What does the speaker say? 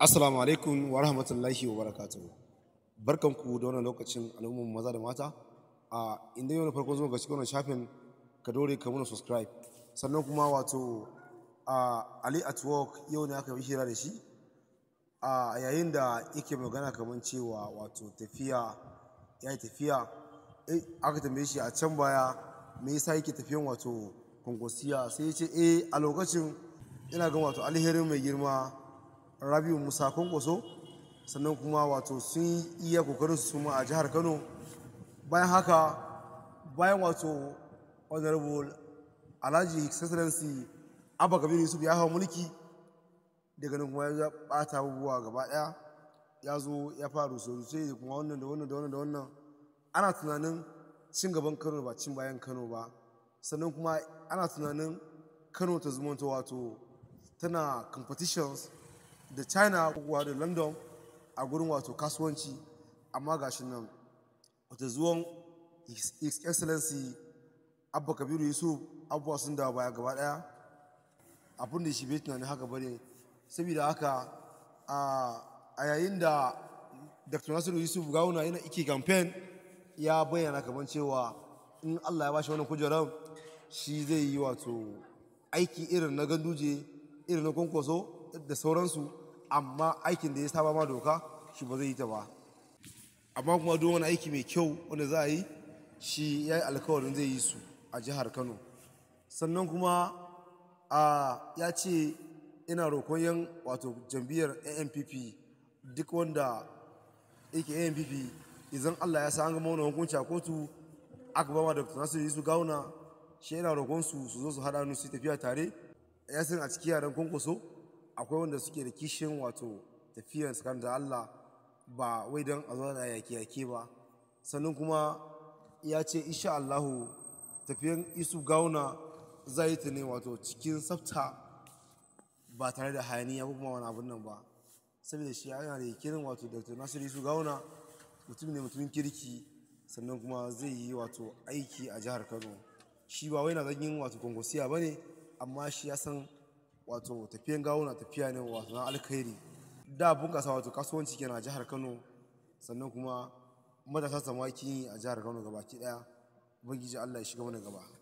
Assalamu alaikum wa rahmatullahi wa barakatuhu. Barkanku da wannan lokacin al'ummar maza da mata. A inda yau na farko zuwa ga cikin wannan shafin ka dore ka muna subscribe. Sannan kuma wato a Ali at work yau ne aka yi hira da shi. A yayin da yake magana kamar cewa wato tafiya ya yi tafiya eh, aka tambaye shi a can baya me yasa yake tafiyan wato kongosiya sai ya ce eh a lokacin ina ga wato alherin mai girma rabiu musa kwankwaso sannan kuma wato sun iya kokarin su suma a jihar kano bayan haka bayan wato honorable alhaji excellency abba kabiru yusuf ya hawa mulki daga nan kuma ya bata abubuwa gaba daya ya zo ya faru sosai da kuma wannan da wannan da wannan da wannan ana tunanin cin gaban kano ba cin bayan kano ba sannan kuma ana tunanin kano ta zumunta wato tana competitions da china kuwa da london a gurin wato kasuwanci amma ga nan wata zuwan his excellency abba kabiru yusuf abubuwa sun dawa baya gaba daya abin da shi bai tunanin haka bane saboda haka a yayin da dr nasiru yusuf gawuna yana iki campaign ya bayyana kamar cewa in allah ya bashi wannan kujerar shi zai yi wato aiki irin na ganduje irin na kwankwaso da sauransu amma aikin da ya saba ma doka shi ba zai yi ta ba amma kuma duk wani aiki mai kyau wanda za a yi shi ya yi alkawarin zai yi su a jihar kano sannan kuma a ya ce ina roƙon yan wato jambiyar ampp duk wanda yake ampp idan allah ya sa an gama wani hukunci a kotu aka ba ma da nasiru su gauna shi yana roƙon su su zo su haɗa su tafiya tare ya san a ciki yaran kwankwaso akwai wanda suke da kishin wato tafiyan tsakanin da Allah ba wai don a zauna yake yake ba sannan kuma ya ce isha Allahu tafiyan isu gauna zai ta ne wato cikin tsafta ba tare da hayaniya ko kuma wani abun nan ba saboda shi yana da kirin wato Dr. Nasiru Isu Gauna mutum ne mutumin kirki sannan kuma zai yi wato aiki a jihar Kano shi ba wai na zagin wato kongosiya ne? amma shi ya san wato tafiyan gawo na tafiya ne wato na alkhairi da bunƙasa wato kasuwanci kenan a jihar kano sannan kuma matasa samaki a jihar kano gabaki ɗaya ubangiji allah ya shiga mana gaba